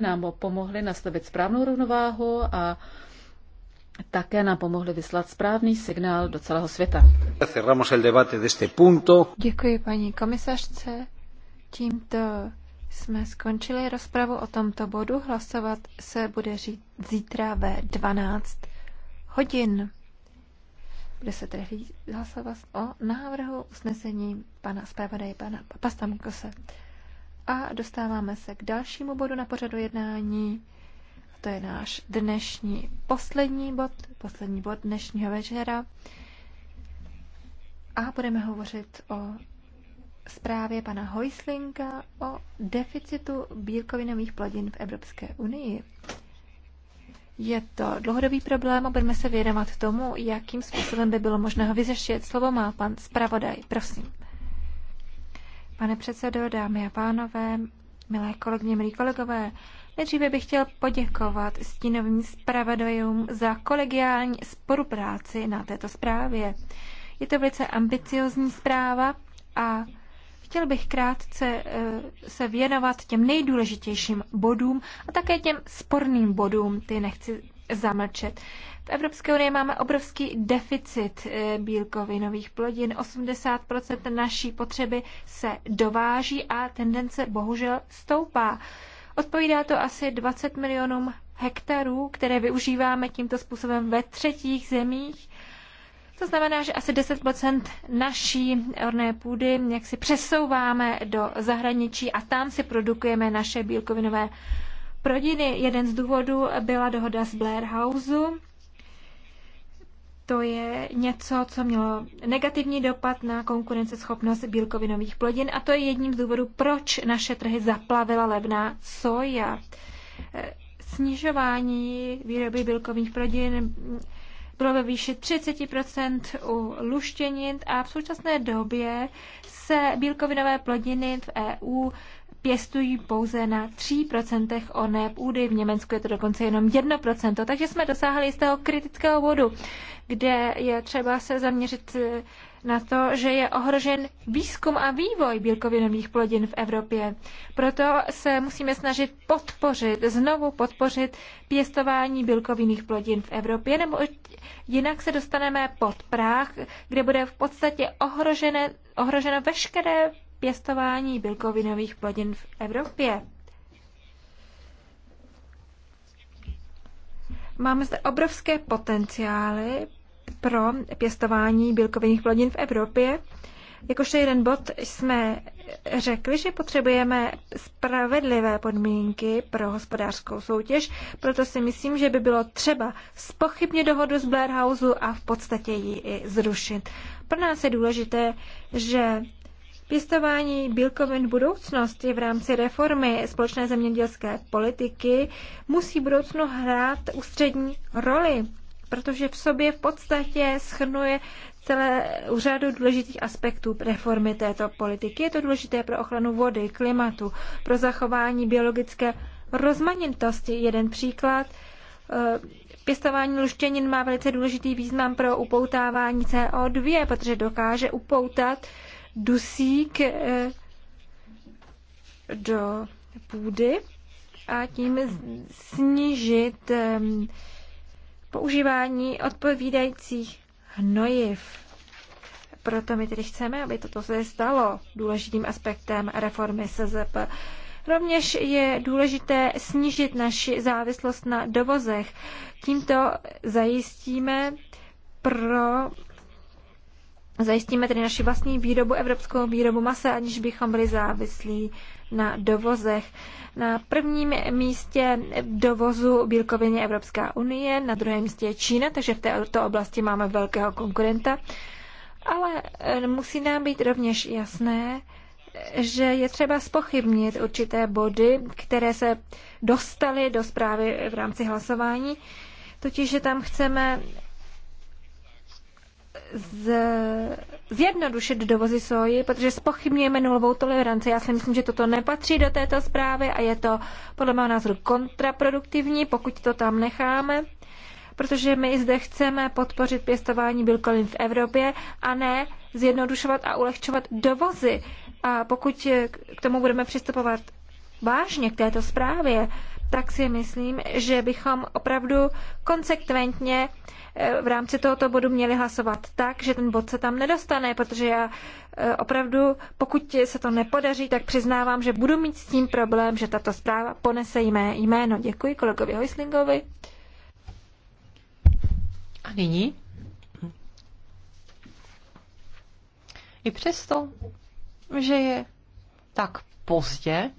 nám pomohly nastavit správnou rovnováhu a také nám pomohly vyslat správný signál do celého světa. Děkuji paní komisařce. Tímto jsme skončili rozpravu o tomto bodu. Hlasovat se bude říct zítra ve 12 hodin. Bude se tedy hlasovat o návrhu usnesení pana zpravodaje pana Pastamkose. A dostáváme se k dalšímu bodu na pořadu jednání. To je náš dnešní poslední bod, poslední bod dnešního večera. A budeme hovořit o zprávě pana Hojslinka o deficitu bílkovinových plodin v Evropské unii. Je to dlouhodobý problém a budeme se věnovat tomu, jakým způsobem by bylo možné ho vyřešit. Slovo má pan zpravodaj, prosím. Pane předsedo, dámy a pánové, milé kolegyně, milí kolegové, nejdříve bych chtěl poděkovat stínovým zpravodajům za kolegiální spolupráci na této zprávě. Je to velice ambiciozní zpráva a chtěl bych krátce eh, se věnovat těm nejdůležitějším bodům a také těm sporným bodům. Ty nechci zamlčet. V Evropské unii máme obrovský deficit eh, bílkovinových plodin. 80% naší potřeby se dováží a tendence bohužel stoupá. Odpovídá to asi 20 milionům hektarů, které využíváme tímto způsobem ve třetích zemích. To znamená, že asi 10 naší orné půdy jak si přesouváme do zahraničí a tam si produkujeme naše bílkovinové rodiny. Jeden z důvodů byla dohoda z Blair Houseu. To je něco, co mělo negativní dopad na konkurenceschopnost bílkovinových plodin a to je jedním z důvodů, proč naše trhy zaplavila levná soja. Eh, snižování výroby bílkových plodin bylo ve výši 30% u luštěnin a v současné době se bílkovinové plodiny v EU pěstují pouze na 3% oné půdy, v Německu je to dokonce jenom 1%, takže jsme dosáhli toho kritického bodu, kde je třeba se zaměřit eh, na to, že je ohrožen výzkum a vývoj bílkovinových plodin v Evropě. Proto se musíme snažit podpořit, znovu podpořit pěstování bílkovinných plodin v Evropě, nebo jinak se dostaneme pod práh, kde bude v podstatě ohrožené, ohroženo veškeré pěstování bílkovinových plodin v Evropě. Máme zde obrovské potenciály pro pěstování bílkovinných plodin v Evropě. Jakožto jeden bod jsme řekli, že potřebujeme spravedlivé podmínky pro hospodářskou soutěž, proto si myslím, že by bylo třeba spochybně dohodu z Blairhausu a v podstatě ji i zrušit. Pro nás je důležité, že Pěstování bílkovin v budoucnosti v rámci reformy společné zemědělské politiky musí budoucnu hrát ústřední roli, protože v sobě v podstatě schrnuje celé řadu důležitých aspektů reformy této politiky. Je to důležité pro ochranu vody, klimatu, pro zachování biologické rozmanitosti. Jeden příklad. Eh, pěstování luštěnin má velice důležitý význam pro upoutávání CO2, protože dokáže upoutat dusík eh, do půdy a tím snížit ehm, používání odpovídajících hnojiv. Proto my tedy chceme, aby toto se stalo důležitým aspektem reformy SZP. Rovněž je důležité snížit naši závislost na dovozech. Tímto zajistíme pro Zajistíme tedy naši vlastní výrobu, evropskou výrobu masa, aniž bychom byli závislí na dovozech. Na prvním místě dovozu bílkovin je Evropská unie, na druhém místě je Čína, takže v této oblasti máme velkého konkurenta. Ale eh, musí nám být rovněž jasné, že je třeba spochybnit určité body, které se dostaly do zprávy v rámci hlasování, totiž, že tam chceme z, zjednodušit dovozy soji, protože spochybňujeme nulovou toleranci. Já si myslím, že toto nepatří do této zprávy a je to podle mého názoru kontraproduktivní, pokud to tam necháme protože my zde chceme podpořit pěstování bílkovin v Evropě a ne zjednodušovat a ulehčovat dovozy. A pokud k tomu budeme přistupovat vážně k této zprávě, tak si myslím, že bychom opravdu konsekventně eh, v rámci tohoto bodu měli hlasovat tak, že ten bod se tam nedostane, protože já eh, opravdu, pokud se to nepodaří, tak přiznávám, že budu mít s tím problém, že tato zpráva ponese mé jméno. Děkuji kolegovi Hojslingovi. A nyní? I přesto, že je tak pozdě,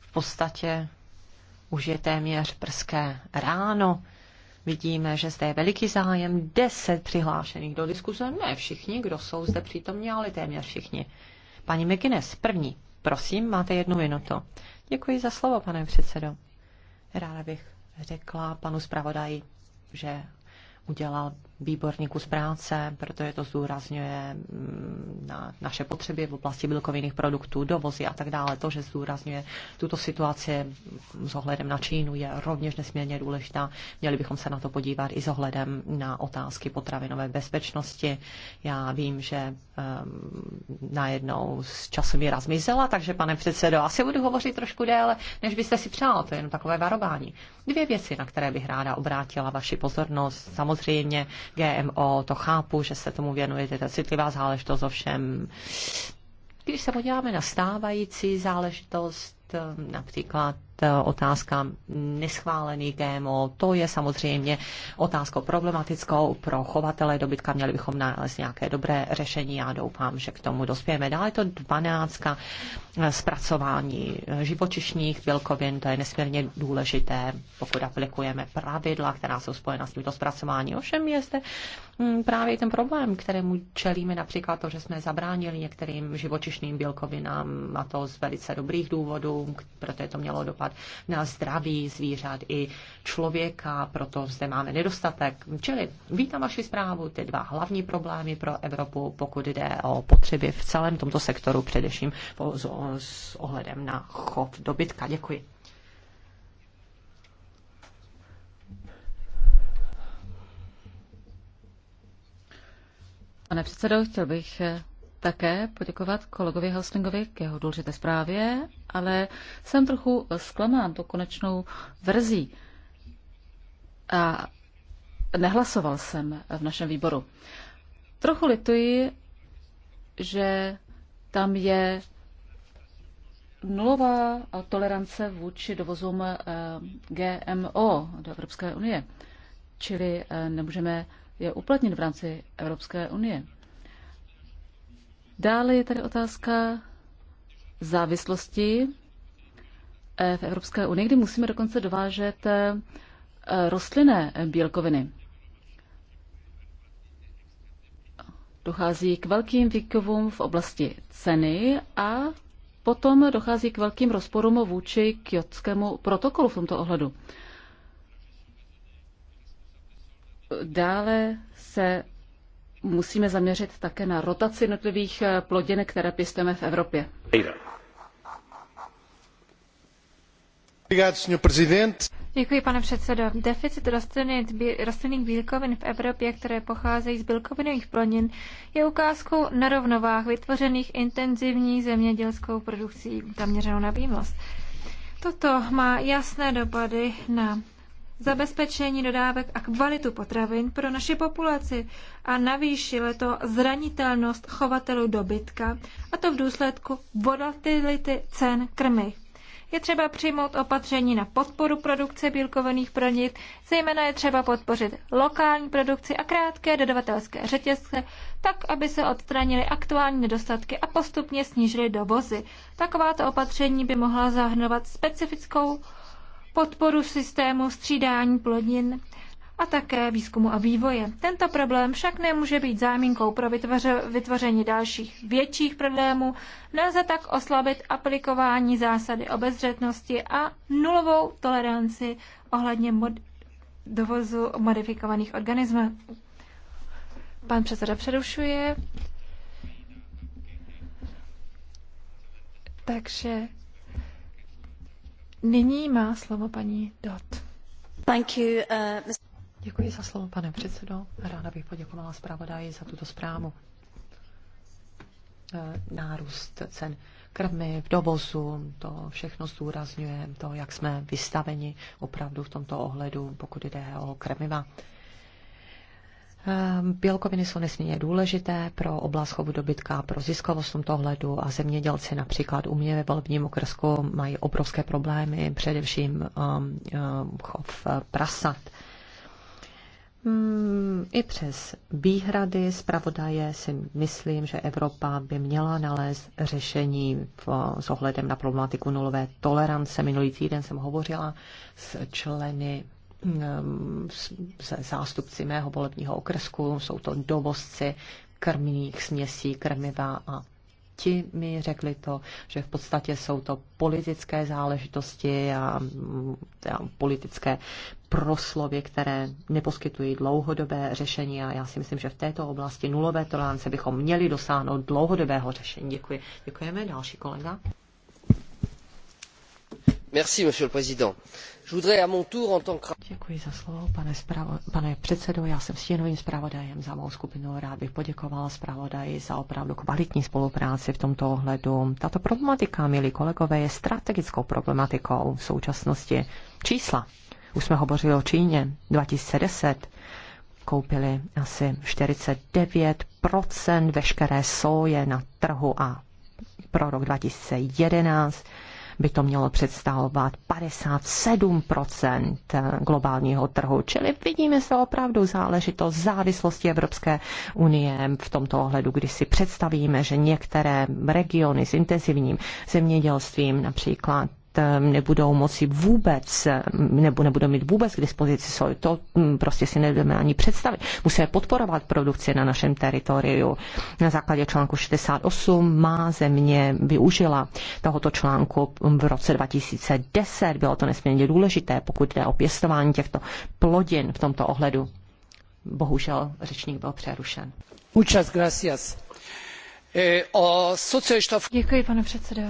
v podstatě už je téměř prské ráno. Vidíme, že zde je veliký zájem, deset přihlášených do diskuze. Ne všichni, kdo jsou zde přítomní, ale téměř všichni. Paní McGuinness, první. Prosím, máte jednu minutu. Děkuji za slovo, pane předsedo. Ráda bych řekla panu zpravodaji, že udělal výborný kus práce, protože to zdůrazňuje mm, na naše potřeby v oblasti bílkovinných produktů, dovozy a tak dále. To, že zdůrazňuje tuto situaci s ohledem na Čínu, je rovněž nesmírně důležitá. Měli bychom se na to podívat i s ohledem na otázky potravinové bezpečnosti. Já vím, že um, najednou časem časomíra zmizela, takže pane předsedo, asi budu hovořit trošku déle, než byste si přál. To je jenom takové varování. Dvě věci, na které bych ráda obrátila vaši pozornost. Samozřejmě samozřejmě GMO, to chápu, že se tomu věnujete, to je citlivá záležitost, ovšem když se podíváme na stávající záležitost, například Eh, otázka neschválený GMO. To je samozřejmě otázkou problematickou pro chovatele dobytka. Měli bychom nalézt nějaké dobré řešení a doufám, že k tomu dospějeme. Dále je to 12. Eh, zpracování eh, živočišních bílkovin. To je nesmírně důležité, pokud aplikujeme pravidla, která jsou spojena s tímto zpracováním. Ovšem je zde hm, právě ten problém, kterému čelíme například to, že jsme zabránili některým živočišným bílkovinám a to z velice dobrých důvodů, proto je to mělo dopad dopad na zdraví zvířat i člověka, proto zde máme nedostatek. Čili vítám vaši zprávu, ty dva hlavní problémy pro Evropu, pokud jde o potřeby v celém tomto sektoru, především s ohledem na chov dobytka. Děkuji. Pane předsedo, chtěl bych eh, také poděkovat kolegovi Helslingovi k jeho důležité zprávě, ale jsem trochu zklamán to konečnou verzí. A nehlasoval jsem v našem výboru. Trochu lituji, že tam je nulová tolerance vůči dovozům eh, GMO do Evropské unie, čili eh, nemůžeme je uplatnit v rámci Evropské unie. Dále je tady otázka závislosti eh, v Evropské unii, kdy musíme dokonce dovážet eh, rostlinné bílkoviny. Dochází k velkým výkovům v oblasti ceny a potom dochází k velkým rozporům vůči kjotskému protokolu v tomto ohledu. Dále se musíme zaměřit také na rotaci jednotlivých eh, plodin, které pěstujeme v Evropě. Děkuji, pane předsedo. Deficit rostlinných bílkovin v Evropě, které pocházejí z bílkovinových plodin, je ukázkou nerovnovách vytvořených intenzivní zemědělskou produkcí zaměřenou na výmost. Toto má jasné dopady na zabezpečení dodávek a kvalitu potravin pro naši populaci a navýšilo to zranitelnost chovatelů dobytka, a to v důsledku volatility cen krmy. Je třeba přijmout opatření na podporu produkce bílkovených plodin, zejména je třeba podpořit lokální produkci a krátké dodavatelské řetězce, tak aby se odstranily aktuální nedostatky a postupně snížily dovozy. Takováto opatření by mohla zahrnovat specifickou podporu systému střídání plodin a také výzkumu a vývoje. Tento problém však nemůže být záminkou pro vytvoření dalších větších problémů, nelze tak oslabit aplikování zásady obezřetnosti a nulovou toleranci ohledně mod- dovozu modifikovaných organismů. Pan předseda přerušuje. Takže Nyní má slovo paní Dot. Thank you, uh, Děkuji za slovo, pane předsedo. Ráda bych poděkovala zpravodaji za tuto zprávu. Eh, nárůst cen krmy, v dovozu, to všechno zdůrazňuje, to, jak jsme vystaveni opravdu v tomto ohledu, pokud jde o krmiva. Ehm, Bílkoviny jsou nesmírně důležité pro oblast chovu dobytka, pro ziskovost v tomto ohledu a zemědělci například u mě ve volebním okresku mají obrovské problémy, především um, um, chov eh, prasat. Hmm, I přes výhrady zpravodaje si myslím, že Evropa by měla nalézt řešení v, s ohledem na problematiku nulové tolerance. Minulý týden jsem hovořila s členy Ehm, se zástupci mého volebního okresku, jsou to dovozci krmných směsí, krmiva a ti mi řekli to, že v podstatě jsou to politické záležitosti a, mm, a politické proslovy, které neposkytují dlouhodobé řešení a já si myslím, že v této oblasti nulové tolerance bychom měli dosáhnout dlouhodobého řešení. Děkuji. Děkujeme. Další kolega monsieur le président. Je voudrais à mon tour en tant que... Děkuji za slovo, pane, spravo... pane předsedo. Já jsem stínovým zpravodajem za mou skupinu. Rád bych poděkoval zpravodaji za opravdu kvalitní spolupráci v tomto ohledu. Tato problematika, milí kolegové, je strategickou problematikou v současnosti. Čísla. Už jsme hovořili o Číně 2010 koupili asi 49 veškeré sóje na trhu a pro rok 2011 by to mělo představovat 57 eh, globálního trhu. Čili vidíme se opravdu záležitost závislosti Evropské unie v tomto ohledu, když si představíme, že některé regiony s intenzivním zemědělstvím, například Eh, nebudou moci vůbec, eh, nebo nebudou mít vůbec k dispozici soj. To hm, prostě si nebudeme ani představit. Musíme podporovat produkci na našem teritoriu. Na základě článku 68 má země využila tohoto článku v roce 2010. Bylo to nesmírně důležité, pokud jde o pěstování těchto plodin v tomto ohledu. Bohužel řečník byl přerušen. Muchas gracias. Eh, Děkuji, pane předsedo.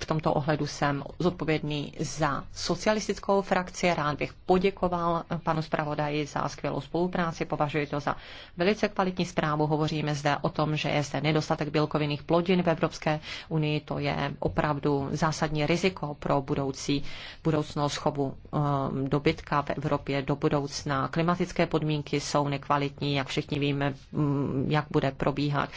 V tomto ohledu jsem zodpovědný za socialistickou frakci. Rád bych poděkoval panu zpravodaji za skvělou spolupráci. Považuji to za velice kvalitní zprávu. Hovoříme zde o tom, že je zde nedostatek bílkovinných plodin v Evropské unii. To je opravdu zásadní riziko pro budoucí budoucnost chovu ehm, dobytka v Evropě do budoucna. Klimatické podmínky jsou nekvalitní, jak všichni víme, jak bude probíhat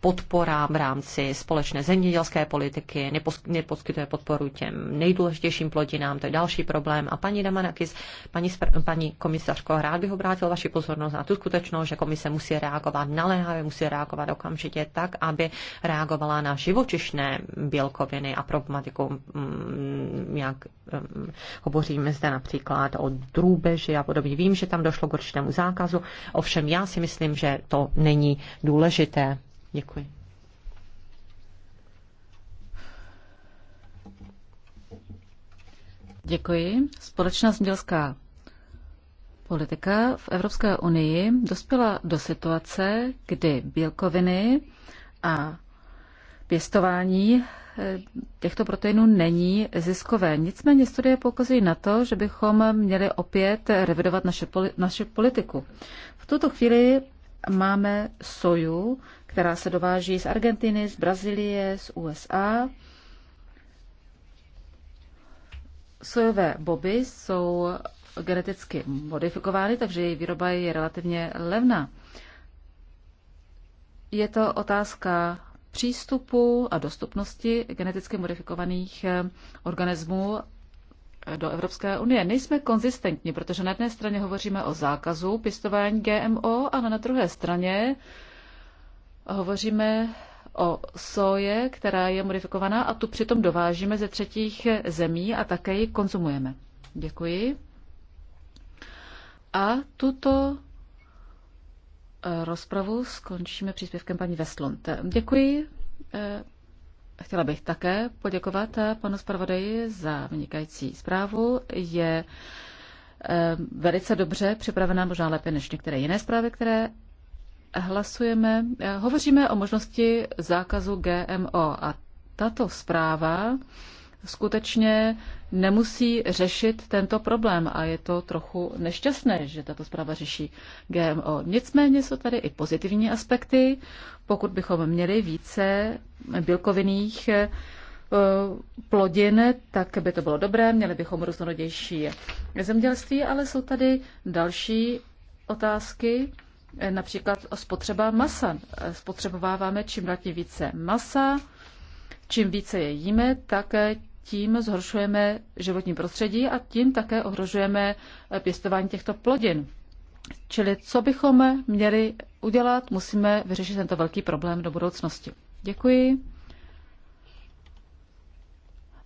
podpora v rámci společné zemědělské politiky, neposkytuje podporu těm nejdůležitějším plodinám, to je další problém. A paní Damanakis, paní, paní komisařko, rád bych obrátil vaši pozornost na tu skutečnost, že komise musí reagovat naléhavě, musí reagovat okamžitě tak, aby reagovala na živočišné bílkoviny a problematiku, mm, jak mm, hovoříme zde například o drůbeži a podobně. Vím, že tam došlo k určitému zákazu, ovšem já si myslím, že to není důležité. Děkuji. Děkuji. Společná zemědělská politika v Evropské unii dospěla do situace, kdy bílkoviny a pěstování eh, těchto proteinů není ziskové. Nicméně studie poukazují na to, že bychom měli opět revidovat naše, naši politiku. V tuto chvíli máme soju, která se dováží z Argentiny, z Brazílie, z USA. Sojové boby jsou geneticky modifikovány, takže její výroba je relativně levná. Je to otázka přístupu a dostupnosti geneticky modifikovaných eh, organismů eh, do Evropské unie. Nejsme konzistentní, protože na jedné straně hovoříme o zákazu pěstování GMO, ale na druhé straně hovoříme o soje, která je modifikovaná a tu přitom dovážíme ze třetích zemí a také ji konzumujeme. Děkuji. A tuto eh, rozpravu skončíme příspěvkem paní Vestlund. Děkuji. Eh, chtěla bych také poděkovat eh, panu zpravodaji za vynikající zprávu. Je velice dobře připravená, možná lépe než některé jiné zprávy, které hlasujeme, eh, hovoříme o možnosti zákazu GMO a tato zpráva skutečně nemusí řešit tento problém a je to trochu nešťastné, že tato zpráva řeší GMO. Nicméně jsou tady i pozitivní aspekty. Pokud bychom měli více bílkovinných eh, plodin, tak by to bylo dobré, měli bychom různorodější zemědělství, ale jsou tady další otázky. Eh, například spotřeba masa. Eh, spotřebováváme čím dál tím více masa, čím více je jíme, tak eh, tím zhoršujeme životní prostředí a tím také ohrožujeme pěstování těchto plodin. Čili co bychom měli udělat, musíme vyřešit tento velký problém do budoucnosti. Děkuji.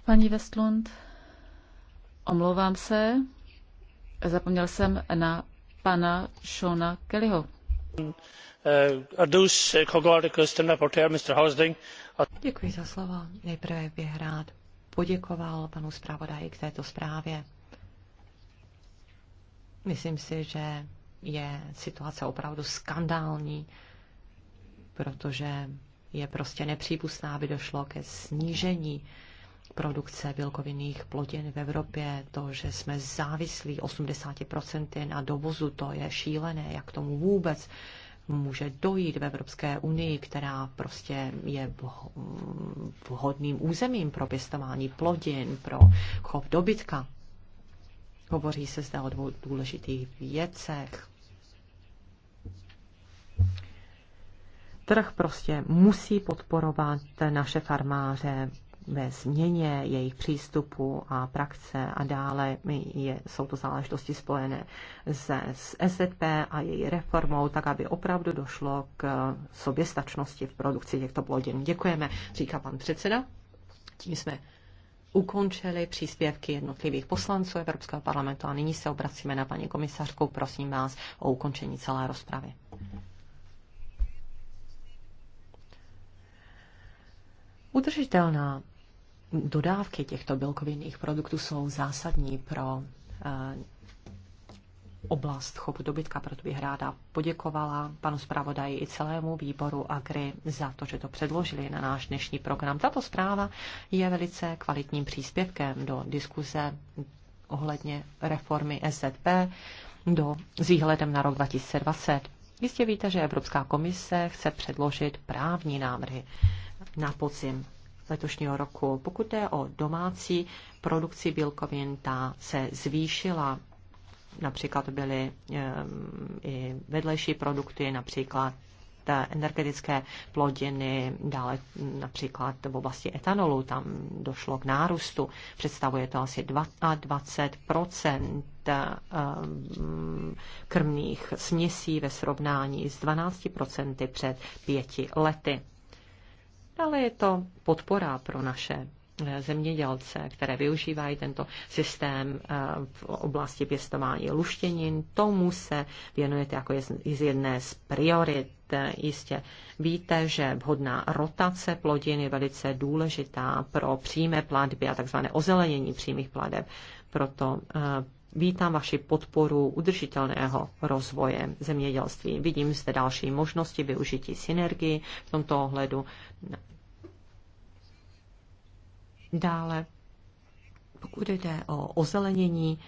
Paní Westlund, omlouvám se, zapomněl jsem na pana Shona Kellyho. Eh, Děkuji za Nejprve bych rád poděkoval panu zpravodaji k této zprávě. Myslím si, že je situace opravdu skandální, protože je prostě nepřípustná, aby došlo ke snížení produkce bílkovinných plodin v Evropě, to, že jsme závislí 80% na dovozu, to je šílené, jak tomu vůbec může dojít v Evropské unii, která prostě je vhodným územím pro pěstování plodin, pro chov dobytka. Hovoří se zde o dvou důležitých věcech. Trh prostě musí podporovat naše farmáře, ve změně jejich přístupu a praxe a dále je, jsou to záležitosti spojené se, s SZP a její reformou, tak aby opravdu došlo k soběstačnosti v produkci těchto plodin. Děkujeme, říká pan předseda. Tím jsme ukončili příspěvky jednotlivých poslanců Evropského parlamentu a nyní se obracíme na paní komisařku. Prosím vás o ukončení celé rozpravy. Udržitelná dodávky těchto bílkovinných produktů jsou zásadní pro eh, oblast chopu dobytka, proto bych ráda poděkovala panu zpravodaji i celému výboru Agri za to, že to předložili na náš dnešní program. Tato zpráva je velice kvalitním příspěvkem do diskuze ohledně reformy SZP do, s výhledem na rok 2020. Jistě víte, že Evropská komise chce předložit právní návrhy na podzim letošního roku. Pokud je o domácí produkci bílkovin, ta se zvýšila. Například byly eh, i vedlejší produkty, například eh, energetické plodiny, dále například v oblasti etanolu, tam došlo k nárůstu. Představuje to asi 22 eh, krmných směsí ve srovnání s 12 před pěti lety. Ale je to podpora pro naše eh, zemědělce, které využívají tento systém eh, v oblasti pěstování luštěnin. Tomu se věnujete jako z jedné z priorit. Jistě víte, že vhodná rotace plodin je velice důležitá pro přímé platby a takzvané ozelenění přímých plateb. Proto eh, vítám vaši podporu udržitelného rozvoje zemědělství. Vidím zde další možnosti využití synergii v tomto ohledu. Dále, pokud jde o ozelenění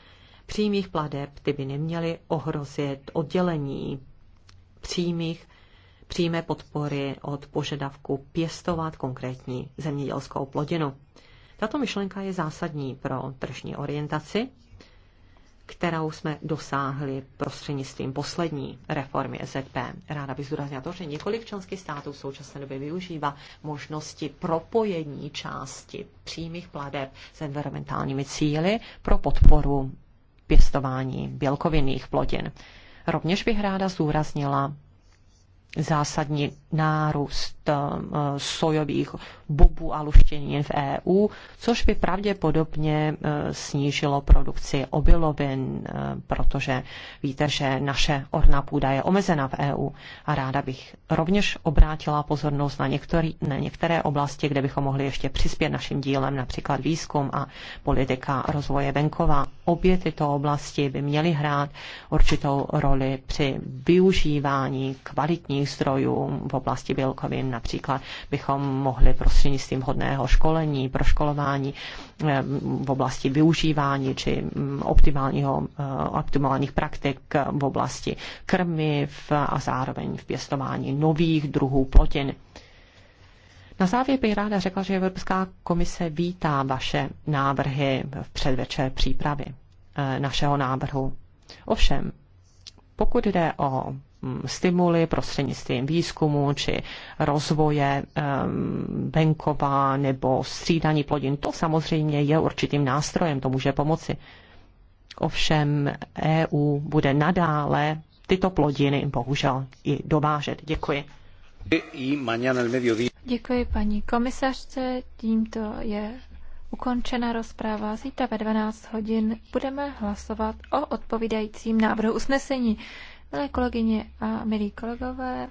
přímých pladeb, ty by neměly ohrozit oddělení přímých přímé podpory od požadavku pěstovat konkrétní zemědělskou plodinu. Tato myšlenka je zásadní pro tržní orientaci kterou jsme dosáhli prostřednictvím poslední reformy SZP. Ráda bych zdůraznila to, že několik členských států v současné době využívá možnosti propojení části přímých pladeb s environmentálními cíly pro podporu pěstování bělkovinných plodin. Rovněž bych ráda zdůraznila zásadní nárůst eh, sojových bobů a luštěnin v EU, což by pravděpodobně eh, snížilo produkci obilovin, eh, protože víte, že naše orná půda je omezena v EU. A ráda bych rovněž obrátila pozornost na, některý, na některé oblasti, kde bychom mohli ještě přispět naším dílem, například výzkum a politika rozvoje venkova obě tyto oblasti by měly hrát určitou roli při využívání kvalitních zdrojů v oblasti bílkovin. Například bychom mohli prostřednictvím hodného školení, proškolování eh, v oblasti využívání či mm, optimálního, eh, optimálních praktik v oblasti krmiv a zároveň v pěstování nových druhů plotin na závěr bych ráda řekla, že Evropská komise vítá vaše návrhy v předvečer přípravy eh, našeho návrhu. Ovšem, pokud jde o mm, stimuly prostřednictvím výzkumu či rozvoje ehm, venkova nebo střídání plodin, to samozřejmě je určitým nástrojem, to může pomoci. Ovšem EU bude nadále tyto plodiny bohužel i dovážet. Děkuji. Děkuji paní komisařce, tímto je ukončena rozpráva. Zítra ve 12 hodin budeme hlasovat o odpovídajícím návrhu usnesení. Milé kolegyně a milí kolegové,